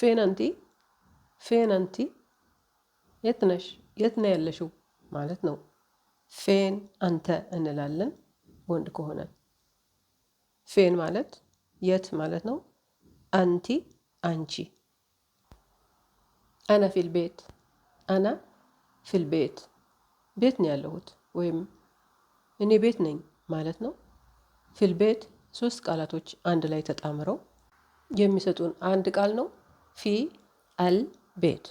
ፌን አንቲ ፌን አንቲ የት ነሽ የት ነው ያለሽው ማለት ነው። ፌን አንተ እንላለን ወንድ ከሆነ። ፌን ማለት የት ማለት ነው። አንቲ አንቺ። አና ፊል ቤት አና ፊል ቤት ቤት ነው ያለሁት ወይም እኔ ቤት ነኝ ማለት ነው። ፊል ቤት ሶስት ቃላቶች አንድ ላይ ተጣምረው የሚሰጡን አንድ ቃል ነው። ፊ አል ቤት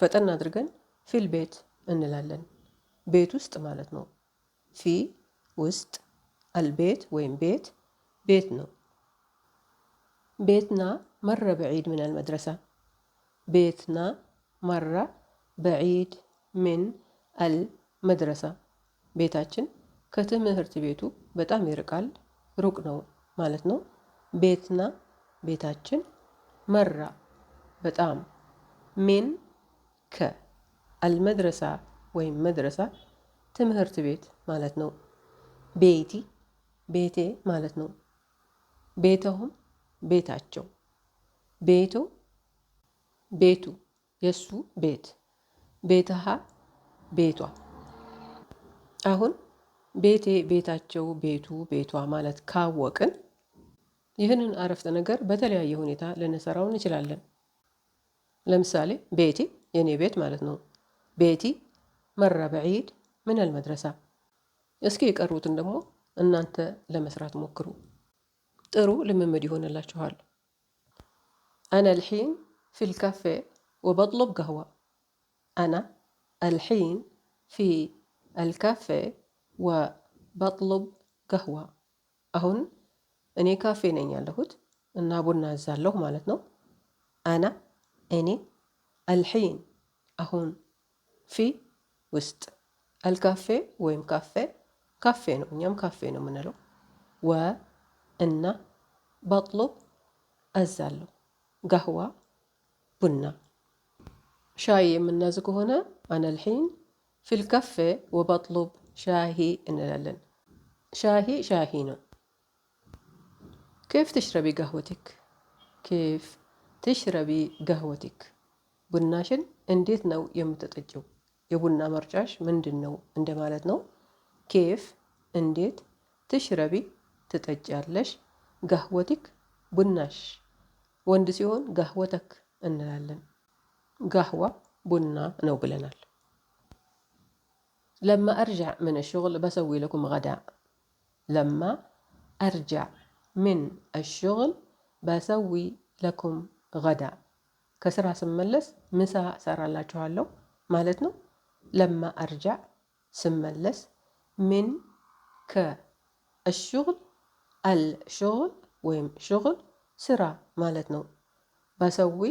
ፈጠን አድርገን ፊል ቤት እንላለን። ቤት ውስጥ ማለት ነው። ፊ ውስጥ፣ አልቤት ወይም ቤት ቤት ነው። ቤትና መረ በዒድ ምን አልመድረሳ ቤትና መራ በዒድ ምን አልመድረሳ ቤታችን ከትምህርት ቤቱ በጣም ይርቃል፣ ሩቅ ነው ማለት ነው። ቤትና ቤታችን መራ በጣም ሜን ከ አልመድረሳ ወይም መድረሳ ትምህርት ቤት ማለት ነው። ቤቲ ቤቴ ማለት ነው። ቤተሁም ቤታቸው፣ ቤቶ ቤቱ የሱ ቤት፣ ቤትሃ ቤቷ። አሁን ቤቴ ቤታቸው፣ ቤቱ ቤቷ ማለት ካወቅን ይህንን አረፍተ ነገር በተለያየ ሁኔታ ልንሰራው እንችላለን። لمسالي بيتي يعني بيت مالت بيتي مرة بعيد من المدرسة اسكي يقروتن دمو ان انت لمسرات موكرو ترو لممد يهون الله شوال انا الحين في الكافيه وبطلب قهوة انا الحين في الكافيه وبطلب قهوة اهون اني كافيه نين يالهوت ان ابو النازال له مالتنو انا أني يعني الحين أهون في وست الكافي ويم كافي كافينو نيم كافينو منلو و إن بطلب أزالو قهوة بنا شاي من نازكو هنا أنا الحين في الكافي وبطلب شاهي إنللن شاهي شاهينو كيف تشربي قهوتك؟ كيف ትሽረቢ ገህወቲክ ቡናሽን እንዴት ነው የምትጠጪው? የቡና መርጫሽ ምንድን ነው እንደማለት ነው። ኬፍ እንዴት፣ ትሽረቢ ትጠጪያለሽ፣ ጋህወቲክ ቡናሽ። ወንድ ሲሆን ጋህወተክ እንላለን። ጋህዋ ቡና ነው ብለናል። ለማ አርጃዕ ምን ሽغል በሰዊ ለኩም غዳዕ ለማ አርጃዕ ምን ሽغል በሰዊ ለኩም ገዳ ከስራ ስመለስ ምሳ ሰራላችኋለሁ ማለት ነው። ለማ አርጃዕ ስመለስ ምን ከእሹጉል አልሹጉል ወይም ሹጉል ስራ ማለት ነው። በሰዊ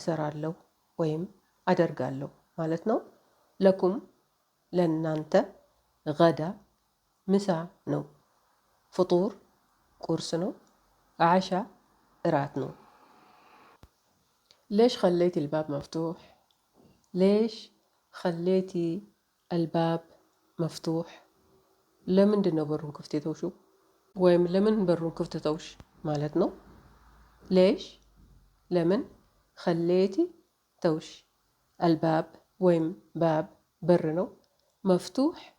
እሰራለሁ ወይም አደርጋለሁ ማለት ነው። ለኩም ለእናንተ ገዳ ምሳ ነው። ፍጡር ቁርስ ነው። አሻ እራት ነው። ليش خليتي الباب مفتوح ليش خليتي الباب مفتوح لمن دنا برون كفتي توشو ويم لمن برون كفتي توش مالتنا ليش لمن خليتي توش الباب ويم باب برنو مفتوح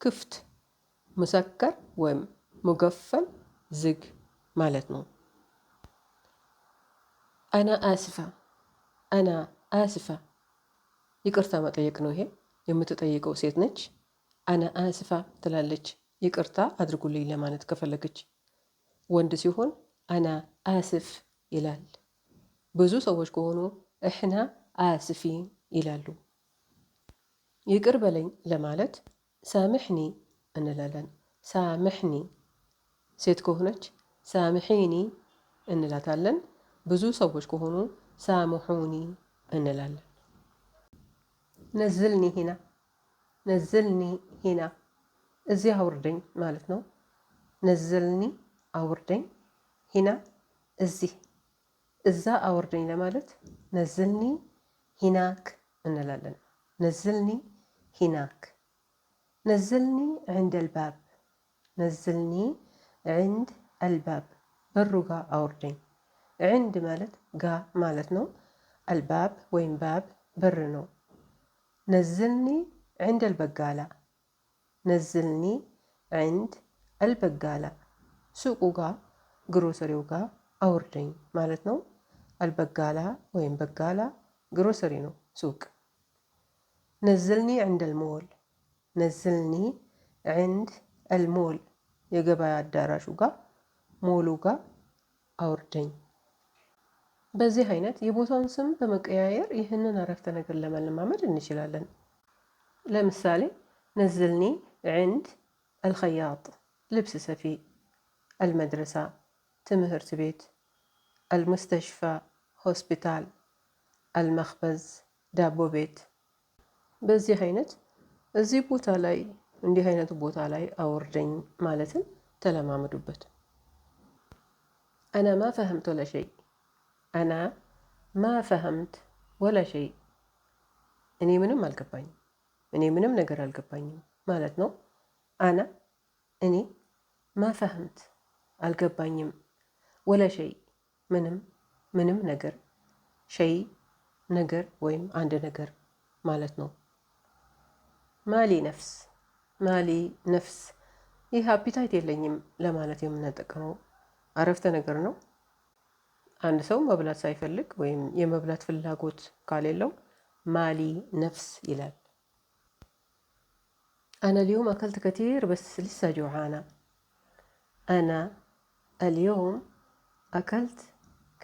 كفت مسكر ويم مقفل زق مالتنا أنا آسفة አና አስፋ ይቅርታ መጠየቅ ነው። ይሄ የምትጠይቀው ሴት ነች። አና አስፋ ትላለች፣ ይቅርታ አድርጉልኝ ለማለት ከፈለገች። ወንድ ሲሆን አና አስፍ ይላል። ብዙ ሰዎች ከሆኑ እህና አስፊ ይላሉ። ይቅር በለኝ ለማለት ሳምሕኒ እንላለን። ሳምሕኒ ሴት ከሆነች ሳምሒኒ እንላታለን። ብዙ ሰዎች ከሆኑ ሳምሑኒ እንላለን። ነዝልኒ ሂና ነዝልኒ ሂና እዚህ አውርደኝ ማለት ነው። ነዝልኒ አውርደኝ፣ ሂና እዚህ፣ እዛ አውርደኝ ለማለት ነዝልኒ ሂናክ እንላለን። ነዝልኒ ሂናክ፣ ነዝልኒ ዕንድ አልባብ፣ ነዝልኒ ዕንድ አልባብ፣ በሩ ጋ አውርደኝ ዕንድ ማለት ጋ ማለት ነው። አልባብ ወይም ባብ በር ነው። ነዝልኒ ዕንድ አልበጋላ ነዝልኒ ዕንድ አልበጋላ ሱቁ ጋ ግሮሰሪው ጋር አውርደኝ ማለት ነው። አልበጋላ ወይም በጋላ ግሮሰሪ ነው ሱቅ። ነዝልኒ ዕንድ አልሞል ነዝልኒ ዕንድ አልሞል የገበያ አዳራሹ ጋር ሞሉ ጋር አውርደኝ በዚህ አይነት የቦታውን ስም በመቀያየር ይህንን አረፍተ ነገር ለመለማመድ እንችላለን። ለምሳሌ ነዝልኒ ዕንድ አልኸያጥ፣ ልብስ ሰፊ፣ አልመድረሳ፣ ትምህርት ቤት፣ አልሙስተሽፋ፣ ሆስፒታል፣ አልመክበዝ፣ ዳቦ ቤት። በዚህ አይነት እዚህ ቦታ ላይ እንዲህ አይነቱ ቦታ ላይ አውርደኝ ማለትን ተለማመዱበት። አና ማ ፈህምቶ ለሸይ አና ማ ፈህምት ወላ ሸይ፣ እኔ ምንም አልገባኝም፣ እኔ ምንም ነገር አልገባኝም ማለት ነው። አና እኔ ማፈህምት አልገባኝም፣ ወለ ሸይ ምንም ምንም ነገር፣ ሸይ ነገር ወይም አንድ ነገር ማለት ነው። ማሊ ነፍስ ማሊ ነፍስ፣ ይህ አፒታይት የለኝም ለማለት የምንጠቀመው አረፍተ ነገር ነው። አንድ ሰው መብላት ሳይፈልግ ወይም የመብላት ፍላጎት ካሌለው ማሊ ነፍስ ይላል። አነ አልዮም አከልት ከቲር በስ ልሳ ጆዓና። አነ አልዮም አከልት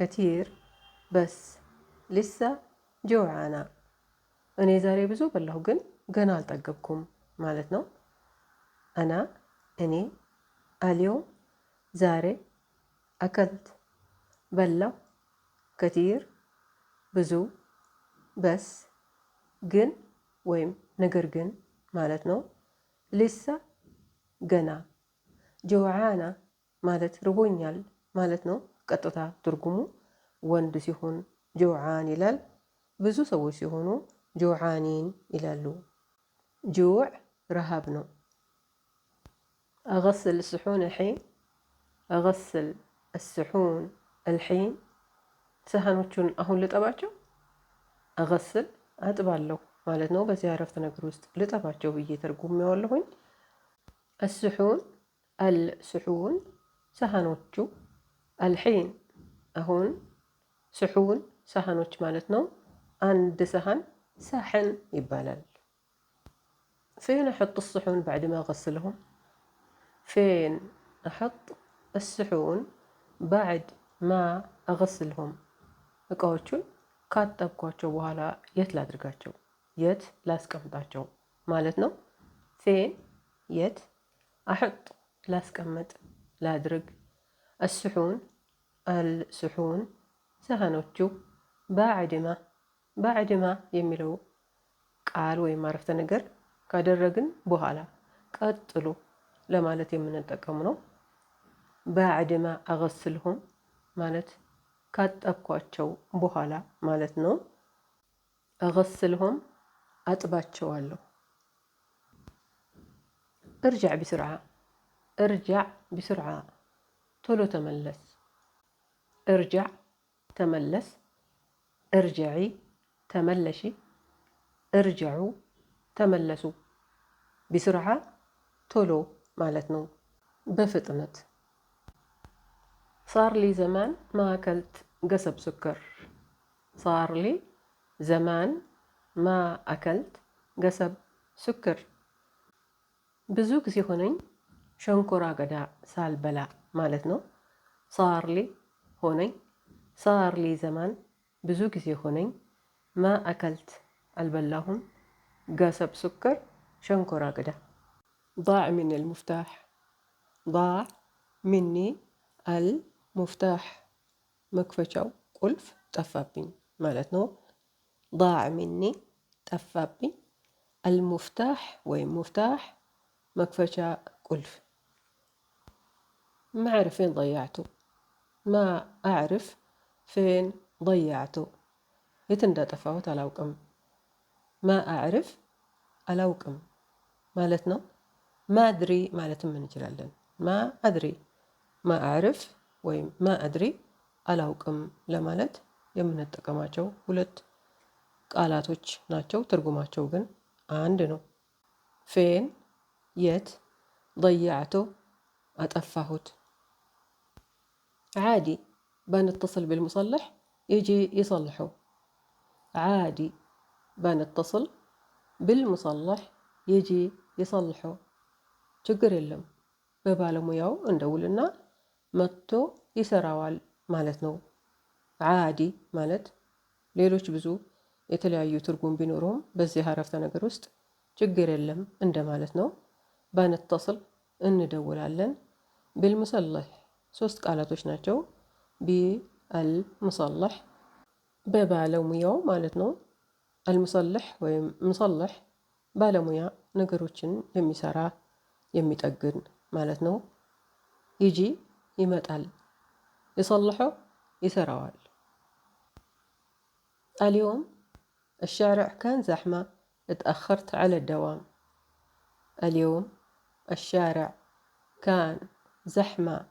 ከቲር በስ ልሳ ጆዓና። እኔ ዛሬ ብዙ በላሁ ግን ገና አልጠገብኩም ማለት ነው። አና እኔ፣ አልዮም ዛሬ፣ አከልት بلا كتير بزو بس جن ويم نجر جن مالتنا لسا جنا جوعانا مالت ربونيال مالتنا كتوتا ترجمو ወንድ ሲሆን ጆዓን ይላል ብዙ ሰዎች ሲሆኑ ጆዓኒን ይላሉ ጅውዕ ረሃብ ነው አغስል ስሑን ሒ አغስል አስሑን አልሒን ሳህኖቹን አሁን ልጠባቸው፣ አገስል አጥባለሁ ማለት ነው። በዚህ አረፍተ ነገር ውስጥ ልጠባቸው ብዬ ተርጉሜዋለሁኝ። አስሑን አልስሑን ሳህኖቹ፣ አልሒን አሁን፣ ስሑን ሳህኖች ማለት ነው። አንድ ሳህን ሳሕን ይባላል። ፌን አሐጡ አስሑን ባዕድ ማ አገስልሁም ፌን አሐጥ አስሑን ባዕድ ማ እغስልሁም እቃዎቹን ካጠብኳቸው በኋላ የት ላድርጋቸው፣ የት ላስቀምጣቸው ማለት ነው። ፌን የት፣ አሕጥ ላስቀምጥ፣ ላድርግ። አስሑን አልስሑን ሰሃኖቹ። ባዕድማ ባዕድማ የሚለው ቃል ወይም አረፍተ ነገር ካደረግን በኋላ ቀጥሎ ለማለት የምንጠቀሙ ነው። ባዕድማ አغስልሁም ማለት ካጠብኳቸው በኋላ ማለት ነው። እገስልሆም አጥባቸዋለሁ። እርጃዕ ቢስርዓ እርጃዕ ቢስርዓ ቶሎ ተመለስ። እርጃዕ ተመለስ፣ እርጃዒ ተመለሺ፣ እርጃዑ ተመለሱ። ቢስርዓ ቶሎ ማለት ነው፣ በፍጥነት صار لي زمان ما أكلت قصب سكر صار لي زمان ما أكلت قصب سكر بزوك زيخنين شنكرا قداء سال بلا مالتنو صار لي هوني صار لي زمان بزوك زيخنين ما أكلت البلاهم قصب سكر شنكرا قداء ضاع مني المفتاح ضاع مني المفتاح مفتاح مكفشاو قلف طفابين معناتنا ضاع مني تفابين المفتاح وين مفتاح مكفشا قلف ما اعرف فين ضيعته ما اعرف فين ضيعته يتندى تفاوت على وكم ما اعرف على وكم مالتنا ما ادري مالت من جلالن ما ادري ما اعرف ወይም ማእድሪ አላውቅም ለማለት የምንጠቀማቸው ሁለት ቃላቶች ናቸው። ትርጉማቸው ግን አንድ ነው። ፌን የት፣ ضيعته አጠፋሁት። عادي بنتصل بالمصلح يجي يصلحه عادي بنتصل بالمصلح يجي يصلحه ችግር የለም በባለሙያው እንደውልና መጥቶ ይሰራዋል ማለት ነው። ዓዲ ማለት ሌሎች ብዙ የተለያዩ ትርጉም ቢኖረውም በዚህ አረፍተ ነገር ውስጥ ችግር የለም እንደማለት ነው። ባንተስል እንደውላለን። ቢልሙሰለሕ ሶስት ቃላቶች ናቸው። ቢአልሙሰለሕ በባለሙያው ማለት ነው። አልሙሰልሕ ወይም ሙሰልሕ ባለሙያ ነገሮችን የሚሰራ የሚጠግን ማለት ነው። ይጂ ይመጣል። يصلحو يسرعال اليوم الشارع كان زحمة اتأخرت على الدوام اليوم الشارع كان زحمة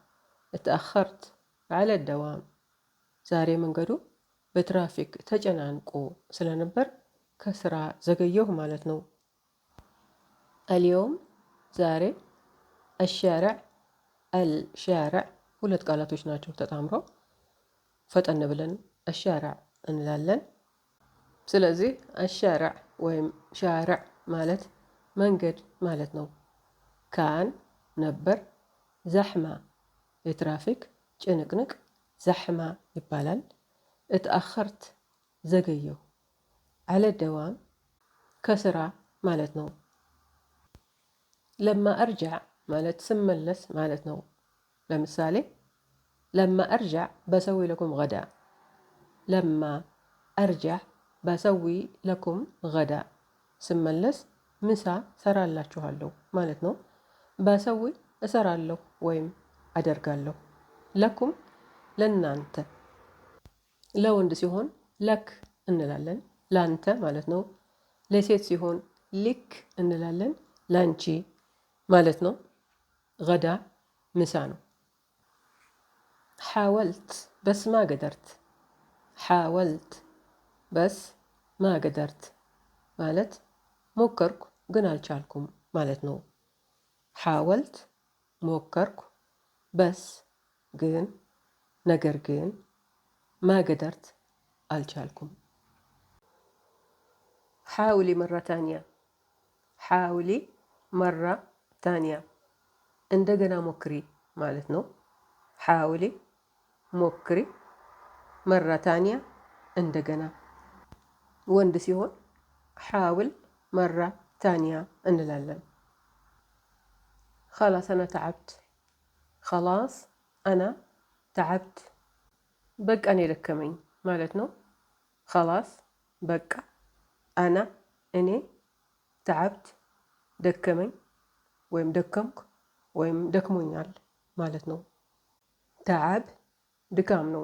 اتأخرت على الدوام زاري من قدو بترافيك تجنانكو سلنبر كسرة زقيوه مالتنو اليوم زاري الشارع الشارع ሁለት ቃላቶች ናቸው ተጣምረው ፈጠን ብለን አሻራዕ እንላለን። ስለዚህ አሻራዕ ወይም ሻራ ማለት መንገድ ማለት ነው። ካን ነበር፣ ዛሕማ የትራፊክ ጭንቅንቅ ዛሕማ ይባላል። እትአኸርት ዘገየው፣ አለ ደዋም ከስራ ማለት ነው። ለማ አርጃዕ ማለት ስመለስ ማለት ነው። ለምሳሌ ለማ አርጃዕ በሰዊ ለኩም ገዳ፣ ለማ አርጃዕ በሰዊ ለኩም ገዳ ስመለስ ምሳ ሰራላችኋለሁ ማለት ነው። በሰዊ እሰራለሁ ወይም አደርጋለሁ። ለኩም ለናንተ፣ ለወንድ ሲሆን ለክ እንላለን ላንተ ማለት ነው። ለሴት ሲሆን ሊክ እንላለን ላንቺ ማለት ነው። ገዳ ምሳ ነው። ሓወልት በስማ ገደርት ሓወልት በስ ማ ገደርት ማለት ሞከርኩ ግን አልቻልኩም ማለት ነው። ሓወልት ሞከርኩ በስ ግን ነገር ግን ማገደርት አልቻልኩም። ሓውሊ መራ ታንያ ሓውሊ መራ ታንያ እንደገና ሞክሪ ማለት ነው። ሓውሊ ሞክሪ مرة تانية እንደገና ወንድ ሲሆን حاول مرة تانية እንላለን خلاص أنا تعبت خلاص أنا تعبت በቃ እኔ ደከመኝ ማለት ነው خلاص በቃ አና እኔ ተዓብት ደከመኝ ወይም ደከምኩ ወይም ደክሞኛል ማለት ነው ተዓብ ድካም ነው።